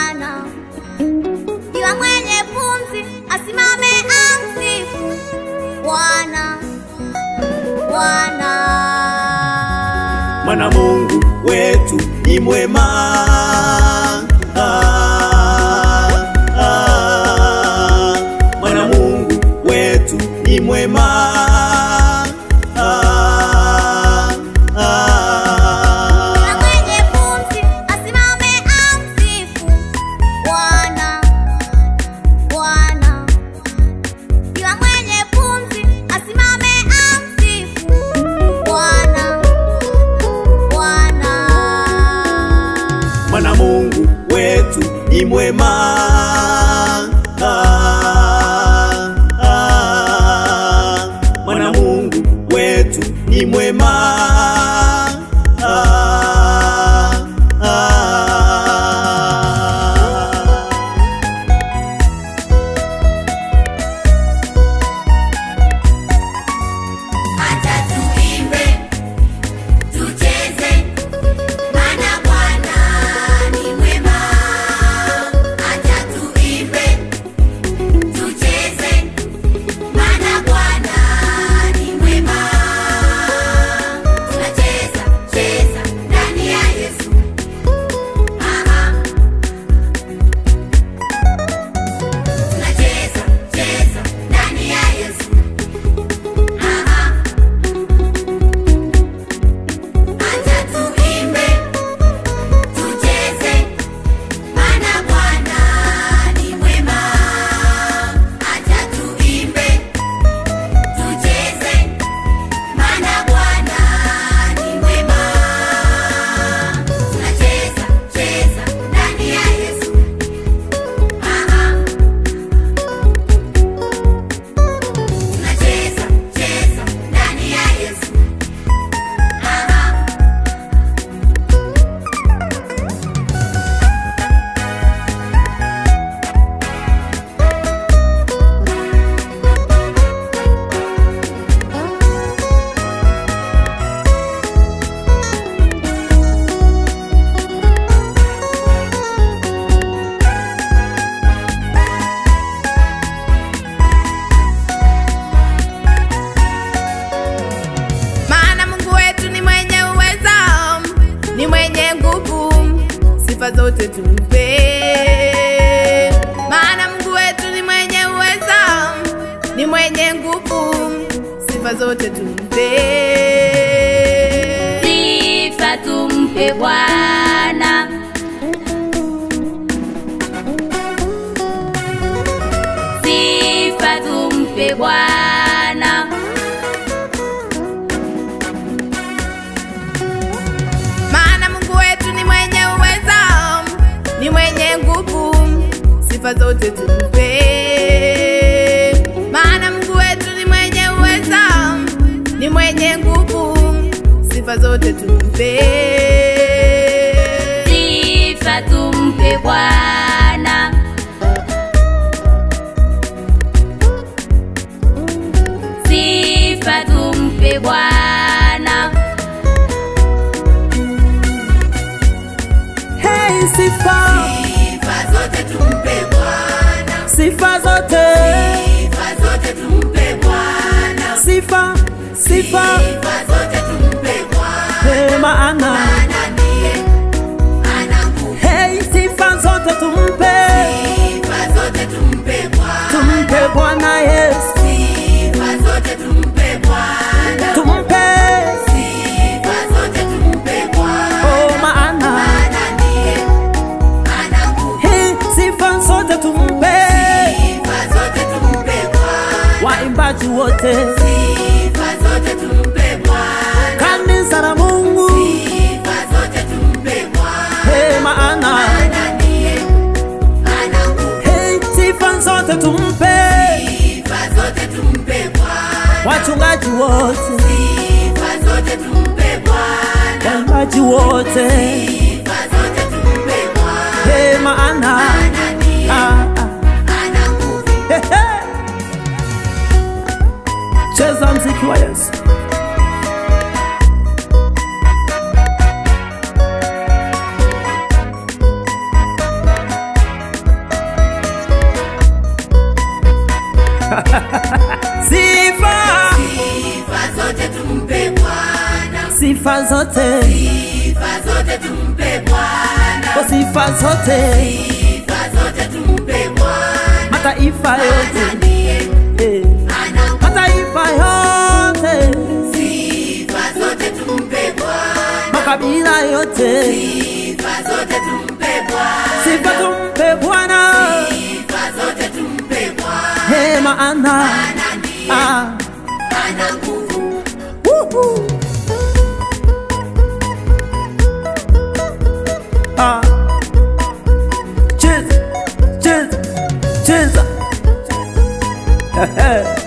Bwana. Kila mwenye pumzi asimame amsifu Bwana. Bwana Mungu wetu ni mwema ni mwema ah, ah, ah. Mwana Mungu wetu ni mwema sifa zote tumpe, maana Mungu wetu ni mwenye uweza, ni mwenye nguvu, sifa zote tumpe, sifa tumpe Bwana. zote tumpe sifa, tumpe Bwana sifa, tumpe Bwana hey, sifa. Sifa zote tumpe Bwana sifa zote sifa zote tumpe Bwana sifa sifa sifa zote maangat wote, sifa zote tumpe Bwana, waimbaji wote, sifa zote tumpe Bwana, hey, maana ana nguvu. Ah, ah. Cheza mziki wa Yesu. sifa, zote tumpe Bwana, sifa zote, sifa zote tumpe Bwana, sifa zote, sifa zote tumpe Bwana, mataifa yote eh. mataifa yote, sifa zote tumpe Bwana, makabila yote, sifa zote tumpe Bwana, sifa tumpe Bwana, sifa zote tumpe Bwana, hey maana Ha ha ha!